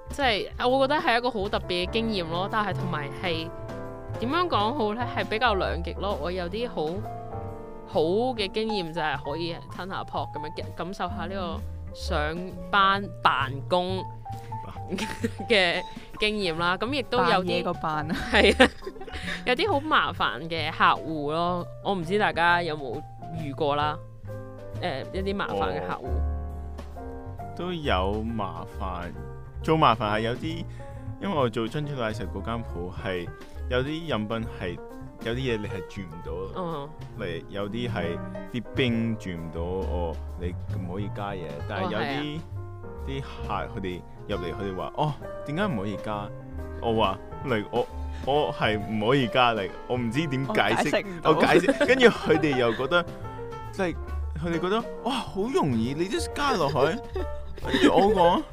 即係，我覺得係一個好特別嘅經驗咯。但係同埋係點樣講好咧？係比較兩極咯。我有啲好好嘅經驗就係可以吞下扑咁樣感受下呢、這個。嗯上班辦公嘅 經驗啦，咁亦都有啲，係啊， 有啲好麻煩嘅客戶咯。我唔知大家有冇遇過啦，誒、呃、一啲麻煩嘅客戶都有麻煩，做麻煩係有啲，因為我做珍珠奶茶嗰間鋪係有啲飲品係。有啲嘢你係轉唔到，例如有啲係啲冰轉唔到哦，你唔可以加嘢。但係有啲啲客佢哋入嚟，佢哋話：哦，點解唔可以加？我話嚟，我我係唔可以加嚟，我唔知點解釋。我解釋，跟住佢哋又覺得，即係佢哋覺得，哇，好容易，你都加落去。跟住我講，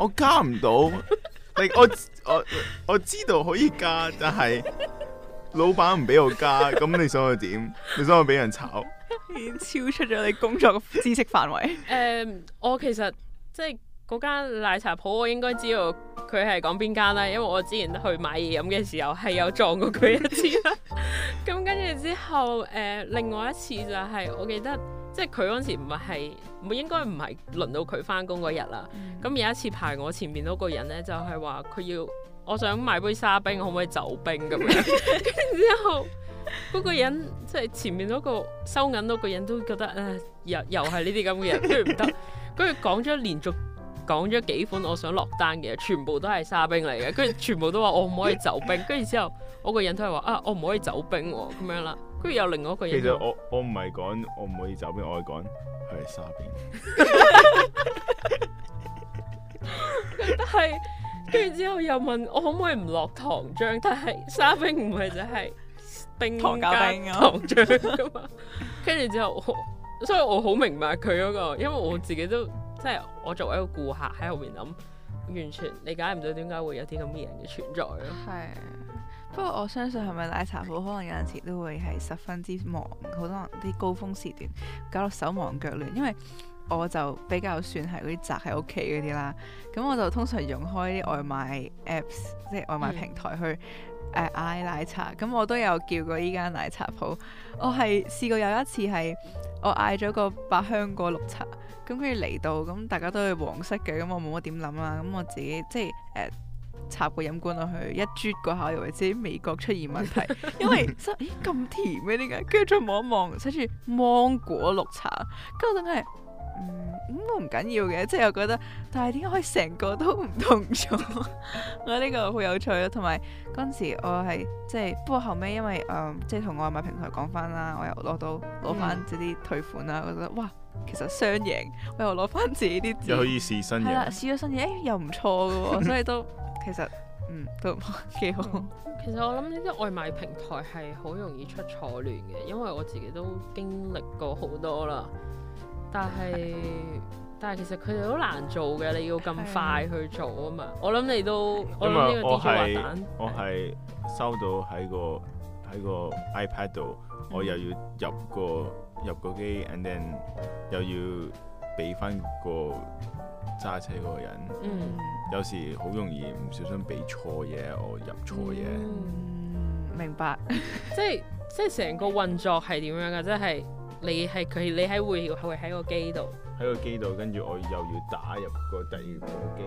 我加唔到。嚟我我我知道可以加，但係。老闆唔俾我加，咁 你想我點？ 你想我俾人炒？已經超出咗你工作嘅知識範圍。誒，我其實即係嗰間奶茶鋪，我應該知道佢係講邊間啦，因為我之前去買嘢飲嘅時候係有撞過佢一次啦。咁跟住之後，誒、呃，另外一次就係我記得，即係佢嗰陣時唔係係唔應該唔係輪到佢翻工嗰日啦。咁、嗯、有一次排我前面嗰個人咧，就係話佢要。我想買杯沙冰，我可唔可以走冰咁樣？跟住之後，嗰、那個人即係、就是、前面嗰、那個收銀嗰個人都覺得誒、呃，又又係呢啲咁嘅人，跟住唔得。跟住講咗連續講咗幾款我想落單嘅嘢，全部都係沙冰嚟嘅。跟住全部都話我唔可以走冰。跟住之後，我個人都係話啊，我唔可以走冰咁樣啦。跟住有另外一個人，其實我我唔係講我唔可以走冰，我係講係沙冰。 但係。跟住之後又問我可唔可以唔落糖漿，但係沙冰唔係就係冰加糖漿噶嘛？跟住 之後，所以我好明白佢嗰個，因為我自己都即係我作為一個顧客喺後面諗，完全理解唔到點解會有啲咁嘅人嘅存在咯。係，不過我相信係咪奶茶鋪可能有陣時都會係十分之忙，好多啲高峰時段搞到手忙腳亂，因為。我就比較算係嗰啲宅喺屋企嗰啲啦，咁我就通常用開啲外賣 apps，即係外賣平台去誒嗌、嗯呃、奶茶，咁我都有叫過依間奶茶鋪，我係試過有一次係我嗌咗個百香果綠茶，咁跟住嚟到，咁大家都係黃色嘅，咁我冇乜點諗啦，咁我自己即係誒、呃、插個飲管落去，一啜嗰下以為自己味覺出現問題， 因為 咦咁甜嘅點解？跟住再望一望，寫住芒果綠茶，跟住我諗係。嗯，咁都唔緊要嘅，即係我覺得，但係點解可以成個、欸、 都唔同咗？嗯嗯、我覺得呢個好有趣啊！同埋嗰陣時我係即係，不過後尾因為誒，即係同外賣平台講翻啦，我又攞到攞翻這啲退款啦，我覺得哇，其實雙贏，我又攞翻自己啲，又可以試新嘢，試咗新嘢，誒又唔錯噶喎，所以都其實嗯都幾好。其實我諗呢啲外賣平台係好容易出錯亂嘅，因為我自己都經歷過好多啦。但係，但係其實佢哋好難做嘅，你要咁快去做啊嘛！我諗你都，因為 我諗呢個 DJ 滑蛋我係收到喺個喺個 iPad 度，我又要入個、嗯、入個機，and then 又要俾翻個揸車嗰個人。嗯，有時好容易唔小心俾錯嘢，我入錯嘢。嗯，明白 即。即係即係成個運作係點樣㗎？即係。你係佢，你喺會會喺個機度，喺個機度，跟住我又要打入個第二個機。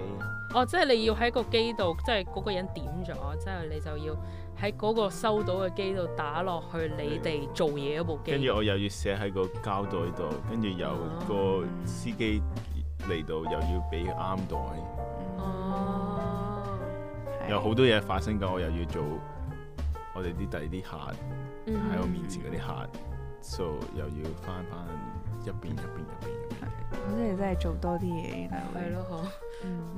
哦，即係你要喺嗰個機度，即係嗰個人點咗，之後你就要喺嗰個收到嘅機度打落去你哋做嘢嗰部機。跟住我又要寫喺個膠袋度，跟住有個司機嚟到又要俾啱袋。哦。嗯、哦，有好多嘢發生緊，我又要做我哋啲第二啲客喺、嗯、我面前嗰啲客。So, 又要翻翻入邊入邊入邊，好似真係做多啲嘢。係咯，好，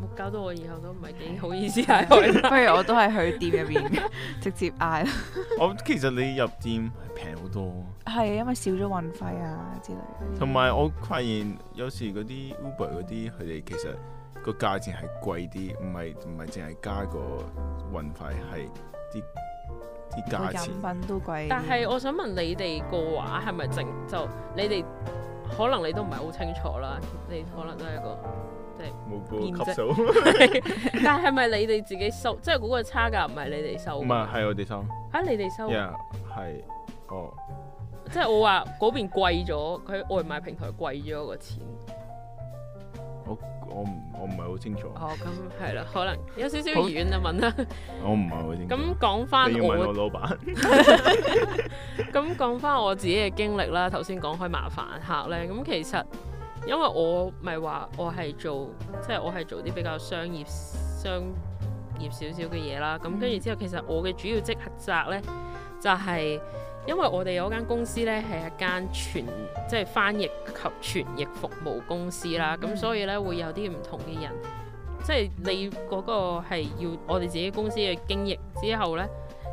冇搞到我以後都唔係幾好意思嗌。不如我都係去店入邊，直接嗌咯。 我其實你入店係平好多，係因為少咗運費啊之類。同埋我發現有時嗰啲 Uber 嗰啲佢哋其實個價錢係貴啲，唔係唔係淨係加個運費係啲。價錢，但係我想問你哋個話係咪淨就你哋，可能你都唔係好清楚啦，你可能都係一個即係冇個吸值 但係係咪你哋自己收？即係嗰個差價唔係你哋收，收？唔係，係我哋收。吓你哋收？係哦，即係我話嗰邊貴咗，佢外賣平台貴咗個錢。Oh. 我唔我唔係好清楚。 哦，咁係啦，可能有少少遠就問啦。我唔係好清楚。咁講翻我，你老闆。咁講翻我自己嘅經歷啦，頭先講開麻煩客咧，咁、嗯嗯、其實因為我咪話我係做，即係我係做啲比較商業、商業少少嘅嘢啦。咁跟住之後，其實我嘅主要職責咧就係。因為我哋嗰間公司咧係一間全即係翻譯及全譯服務公司啦，咁所以咧會有啲唔同嘅人，即係你嗰個係要我哋自己公司嘅經營之後咧，誒、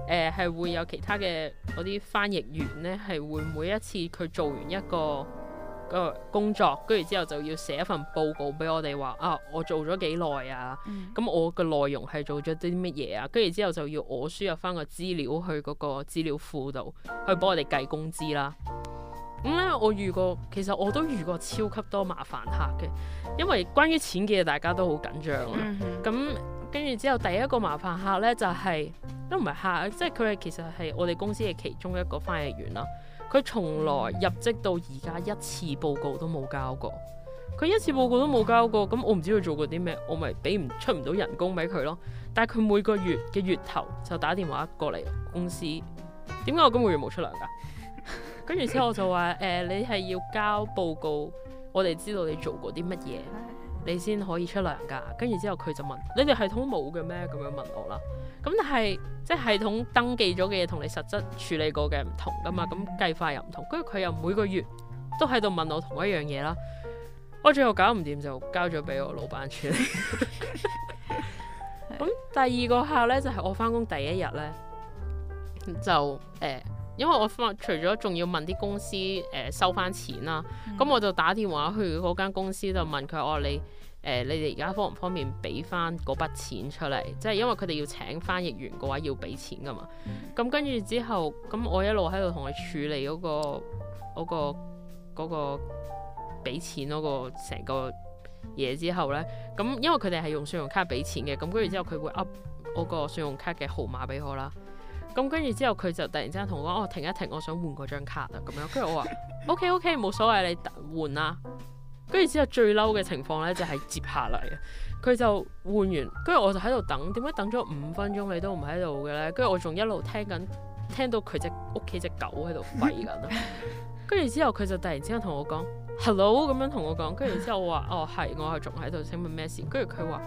呃、係會有其他嘅嗰啲翻譯員咧係會每一次佢做完一個。工作，跟住之後就要寫一份報告俾我哋話啊，我做咗幾耐啊，咁、嗯、我嘅內容係做咗啲乜嘢啊？跟住之後就要我輸入翻個資料去嗰個資料庫度，去幫我哋計工資啦。咁咧、嗯嗯，我遇過，其實我都遇過超級多麻煩客嘅，因為關於錢嘅嘢大家都好緊張。咁跟住之後，第一個麻煩客咧就係都唔係客，即係佢係其實係我哋公司嘅其中一個翻譯員啦。佢從來入職到而家一次報告都冇交過，佢一次報告都冇交過，咁我唔知佢做過啲咩，我咪俾唔出唔到人工俾佢咯。但係佢每個月嘅月頭就打電話過嚟公司，點解我今個月冇出糧㗎？跟住之後我就話：誒，呃，你係要交報告，我哋知道你做過啲乜嘢。你先可以出糧噶，跟住之後佢就問：你哋系統冇嘅咩？咁樣問我啦。咁但係即係系統登記咗嘅嘢同你實質處理過嘅唔同噶嘛，咁、嗯、計法又唔同。跟住佢又每個月都喺度問我同一樣嘢啦。我最後搞唔掂就交咗俾我老闆處理。咁第二個客咧就係、是、我翻工第一日咧，就誒。呃因為我翻除咗仲要問啲公司誒、呃、收翻錢啦、啊，咁、嗯、我就打電話去嗰間公司就問佢我、哦、你誒、呃、你哋而家方唔方便俾翻嗰筆錢出嚟？即係因為佢哋要請翻譯員嘅話要俾錢㗎嘛。咁跟住之後，咁我一路喺度同佢處理嗰、嗰個嗰俾、嗰個嗰個嗰個嗰個、錢嗰個成個嘢之後咧，咁因為佢哋係用信用卡俾錢嘅，咁跟住之後佢會噏我個信用卡嘅號碼俾我啦。咁跟住之後，佢就突然之間同我講：哦，停一停，我想換嗰張卡啊！咁樣跟住我話：O K O K，冇所謂，你換啦。跟住之後最嬲嘅情況咧，就係接下嚟，佢就換完，跟住我就喺度等。點解等咗五分鐘你都唔喺度嘅咧？跟住我仲一路聽緊，聽到佢隻屋企隻狗喺度吠緊。跟住之後佢就突然之間同我講：Hello，咁樣同我講。跟住之後我話：哦，係，我係仲喺度，請問咩事？跟住佢話。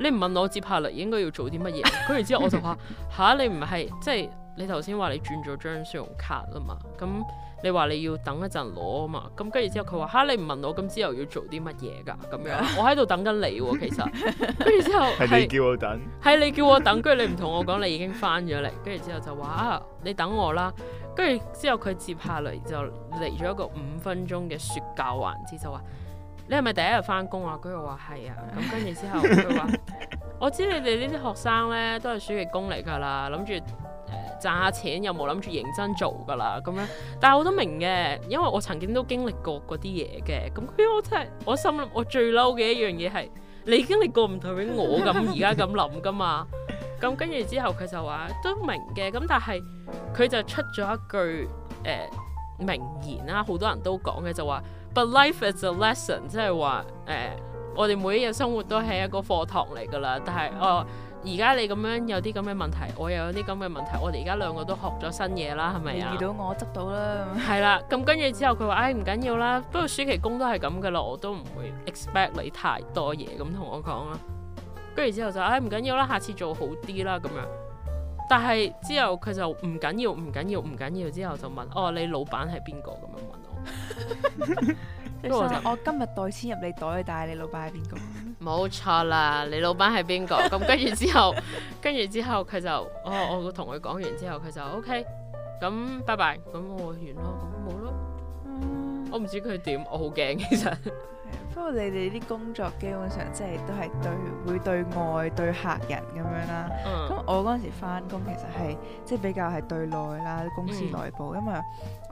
你唔問我接下嚟應該要做啲乜嘢，跟住 之後我就話吓、啊，你唔係即係你頭先話你轉咗張信用卡啊嘛，咁你話你要等一陣攞啊嘛，咁跟住之後佢話吓，你唔問我咁之後要做啲乜嘢㗎咁樣，我喺度等緊你喎、啊、其實，跟住 之後係你叫我等，係你叫我等，跟住你唔同我講你已經返咗嚟，跟住之後就話啊你等我啦，跟住之後佢接下嚟就嚟咗一個五分鐘嘅說教環節，之後話。你係咪第一日翻工啊？佢又話係啊，咁跟住之後佢話， 我知你哋呢啲學生咧都係暑期工嚟噶啦，諗住誒賺下錢，又冇諗住認真做噶啦，咁樣。但係我都明嘅，因為我曾經都經歷過嗰啲嘢嘅。咁佢我真係，我心諗我最嬲嘅一樣嘢係，你經歷過唔代表我咁而家咁諗噶嘛。咁跟住之後佢就話都明嘅，咁但係佢就出咗一句誒、呃、名言啦，好多人都講嘅就話。But life is a lesson，即係話誒，我哋每一日生活都係一個課堂嚟噶啦。但係哦，而家你咁樣有啲咁嘅問題，我又有啲咁嘅問題，我哋而家兩個都學咗新嘢啦，係咪啊？你遇到我執到啦。係啦， 咁跟住之後佢話，唉、哎，唔緊要啦，不過暑期工都係咁噶咯，我都唔會 expect 你太多嘢咁同我講啦。跟住之後就，唉、哎，唔緊要啦，下次做好啲啦咁樣。但係之後佢就唔緊要，唔緊要，唔緊要。之後就問，哦，你老闆係邊個咁樣問？我今日袋錢入你袋，但係你老闆係邊個？冇錯啦，你老闆係邊個？咁跟住之後，跟住之後佢就，哦，我同佢講完之後，佢就 O K，咁拜拜，咁我完咯，咁冇咯。我唔知佢點，我好驚，其實不過你哋啲工作基本上即係都係對，會對外、對客人咁樣啦。咁我嗰陣時翻工其實係即係比較係對內啦，公司內部，因為。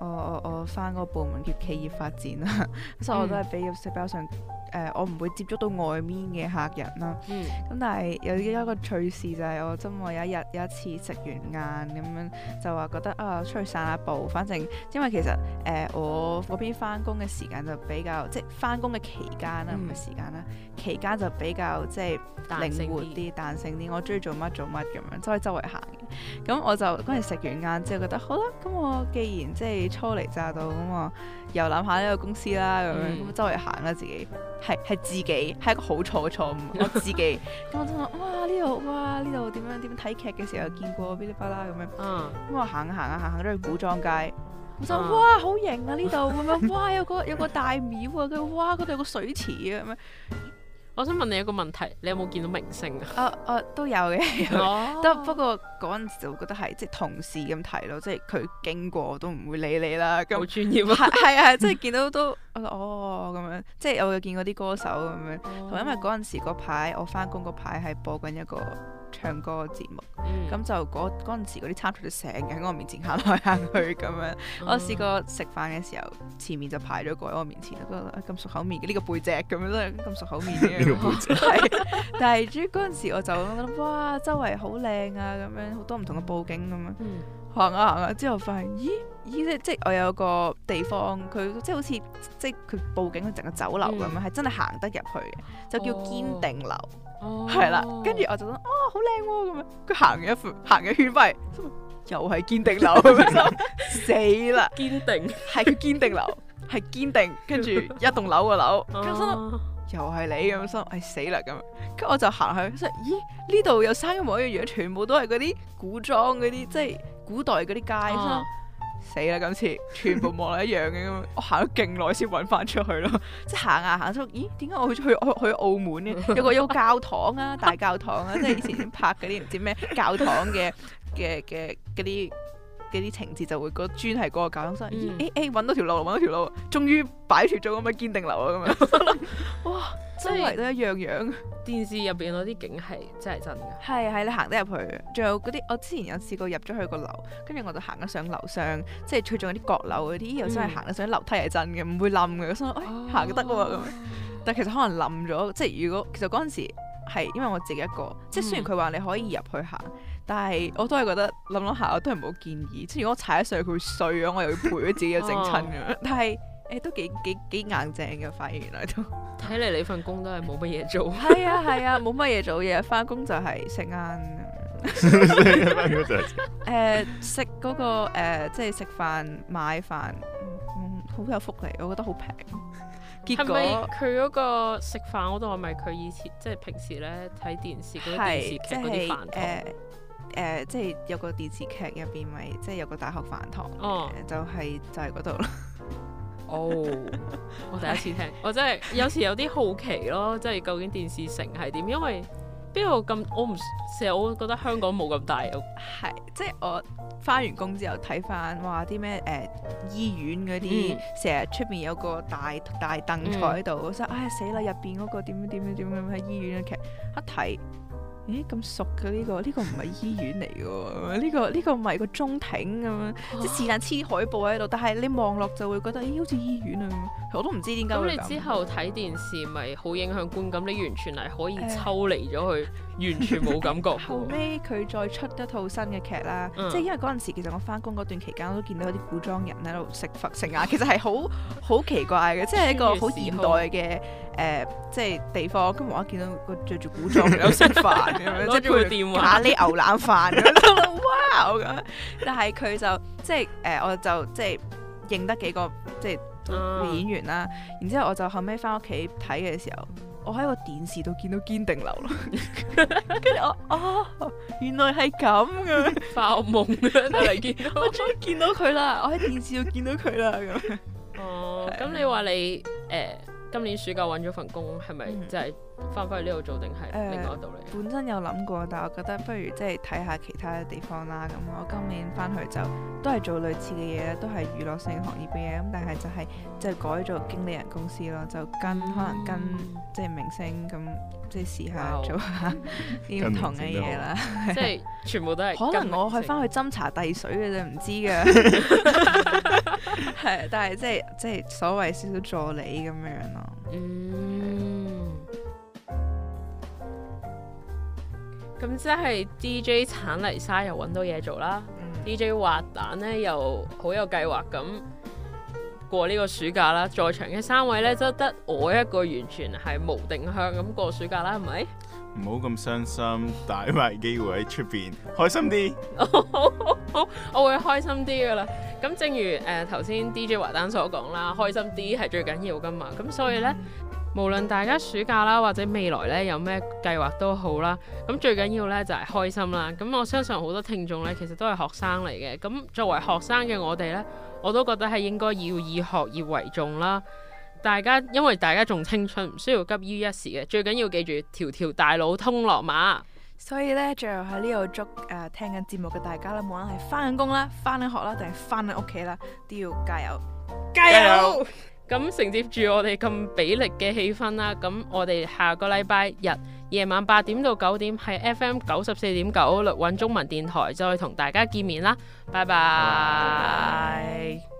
我我我翻嗰個部門叫企業發展啦，所 以我都係俾入食包上誒，我唔會接觸到外面嘅客人啦。咁、嗯、但係有一個趣事就係我周末有一日有一次食完晏咁樣就話覺得啊，出去散下步，反正因為其實誒、呃、我嗰邊翻工嘅時間就比較即係翻工嘅期間啦，唔係、嗯、時間啦，期間就比較即係靈活啲、彈性啲。我中意做乜做乜咁樣，可以周圍行。咁我就嗰陣食完晏之後覺得好啦，咁我既然即、就、係、是。初嚟乍到啊嘛，遊覽下呢個公司啦咁、嗯、樣，咁周圍行啦自己，係係自己，係一個好錯嘅錯誤，我自己咁 我真諗哇呢度哇呢度點樣點樣睇劇嘅時候又見過嗶哩吧啦咁樣，咁、嗯、我行啊行下行行都去古裝街，嗯、我就哇好型啊呢度咁樣，哇，、啊、 哇有個有個大廟啊，跟住哇嗰度有個水池啊咁樣。我想問你一個問題，你有冇見到明星啊？啊啊、uh, uh, 都有嘅，得不過嗰陣時我覺得係即同事咁睇咯，即係佢經過都唔會理你啦。夠專業啊！係係，即係見到都 我哦咁樣，即係我有見過啲歌手咁樣，同埋、oh. 因為嗰陣時嗰排我返工嗰排係播緊一個。唱歌節目，咁就嗰嗰時嗰啲參賽者成日喺我面前行來行去咁樣。我試過食飯嘅時候，前面就排咗個喺我面前，覺得咁、哎、熟口面嘅呢、呢個背脊咁樣都係咁熟口面嘅呢個背脊。嗯嗯、但係主要嗰陣時我就覺得哇，周圍好靚啊，咁樣好多唔同嘅佈景咁樣。樣嗯、行下、啊、行下、啊、之後發現咦咦咧，即係我有個地方，佢即係好似即係佢佈景佢整個酒樓咁樣，係、嗯、真係行得入去嘅，就叫堅定樓。哦。係啦，跟住、哦、我就諗哦，好靚喎咁樣，佢行咗一，行咗一圈翻嚟，心又係堅定樓， 死啦了！堅定係堅定樓，係堅定，跟住一棟樓個樓，咁心、 啊、又係你咁心，哎死啦咁，跟住我就行去，所以咦呢度又生咗一模一樣樣，全部都係嗰啲古裝嗰啲，嗯、即係古代嗰啲街咁。啊死啦！今次全部冇咗一樣嘅咁， 我 行咗勁耐先揾翻出去咯。即係行啊行，行，行，出咦？點解我去去去澳門呢？ 有個有個教堂啊，大教堂啊， 即係以前拍嗰啲唔知咩教堂嘅嘅嘅嗰啲。嗰啲情節就會專係個教養生，哎哎揾到條路，揾到條路，終於擺脫咗咁嘅堅定樓啊咁樣， 哇！周圍都一樣樣。電視入邊嗰啲景係真係真㗎，係係你行得入去。仲有嗰啲我之前有試過入咗去個樓，跟住我就行得上樓上，即係最仲有啲閣樓嗰啲，又、嗯、真係、哎哦、行得上啲樓梯係真嘅，唔會冧嘅。我心諗哎行得㗎喎，但其實可能冧咗。即係如果其實嗰陣時係因為我自己一個，即係、嗯、雖然佢話你可以入去行。但係我都係覺得諗諗下，我都係唔好建議。即係如果我踩上去，佢碎咗，我又要賠咗自己嘅整親咁。 哦、但係誒、欸、都幾幾幾硬正嘅發現原來都。睇 嚟，你份工都係冇乜嘢做。係啊係啊，冇乜嘢做，嘢。日翻工就係食晏。食誒食嗰個誒、呃、即係食飯買飯，好、嗯、有福利，我覺得好平。 結果佢嗰個食飯嗰度係咪佢以前即係平時咧睇電視嗰啲電視劇嗰啲飯堂？誒、呃，即係有個電視劇入邊，咪即係有個大學飯堂，哦就是，就係就係嗰度咯。哦，oh, 我第一次聽， 我真係有時有啲好奇咯，即係究竟電視城係點？因為邊度咁，我唔成日，我覺得香港冇咁大啊。係， 即係我翻完工之後睇翻，哇！啲咩誒醫院嗰啲，成日出邊有個大大凳坐喺度，我心唉死啦！入邊嗰個點樣點樣點樣喺醫院嘅劇，一睇。咦咁、欸、熟嘅呢、啊，這個？呢、這個唔係醫院嚟嘅喎？呢、這個呢、這個唔係個中庭咁、啊、樣， 即係是但黐海報喺度，但係你望落就會覺得咦、欸、好似醫院啊！我都唔知點解咁。你之後睇電視咪好影響觀感， 你完全係可以抽離咗佢， 完全冇感覺。 後尾佢再出一套新嘅劇啦，嗯、即係因為嗰陣時其實我返工嗰段期間，我都見到一啲古裝人喺度食佛食牙， 其實係好好奇怪嘅，即係一個好現代嘅。 誒，即係地方，跟住我一見到個着住古裝，有食飯，攞住個電話，呢牛腩飯，哇，咁，但係佢就即係誒，我就即係認得幾個即係演員啦。然之後我就後尾翻屋企睇嘅時候，我喺個電視度見到堅定流咯。跟住我哦，原來係咁嘅，發夢咁嚟見，我終於見到佢啦！我喺電視度見到佢啦咁。哦，咁你話你誒？今年暑假揾咗份工，係咪即係？嗯翻返去呢度做定係另外一道理？本身有諗過，但係我覺得不如即係睇下其他嘅地方啦。咁我今年翻去就都係做類似嘅嘢都係娛樂性行業嘅嘢。咁但係就係即係改做經理人公司咯，就跟可能跟即係明星咁即係試下做下啲唔同嘅嘢啦。即係全部都係可能我係翻去斟茶遞水嘅就唔知㗎。係，但係即係即係所謂少少助理咁樣樣咯。嗯。咁即係 DJ 鏟泥莎又揾到嘢做啦，嗯，DJ 滑蛋呢又好有計劃咁過呢個暑假啦。在場嘅三位呢，就得我一個完全係無定向咁過暑假啦，係咪？唔好咁傷心，大把機會喺出邊，開心啲。 我會開心啲噶啦。咁正如誒頭先 DJ 滑蛋所講啦，開心啲係最緊要噶嘛。咁所以呢。嗯無論大家暑假啦，或者未來咧，有咩計劃都好啦，咁最緊要咧就係、是、開心啦。咁我相信好多聽眾咧，其實都係學生嚟嘅。咁作為學生嘅我哋咧，我都覺得係應該要以學業為重啦。大家因為大家仲青春，唔需要急於一時嘅。最緊要記住，條條大路通羅馬。所以咧，最後喺呢度祝誒、呃、聽緊節目嘅大家咧，無論係翻緊工啦、翻緊學啦，定係翻緊屋企啦，都要加油，加油！加油加油咁承接住我哋咁俾力嘅氣氛啦，咁我哋下個禮拜日夜晚八點到九點喺 FM 九十四點九律運中文電台再同大家見面啦，拜拜。拜拜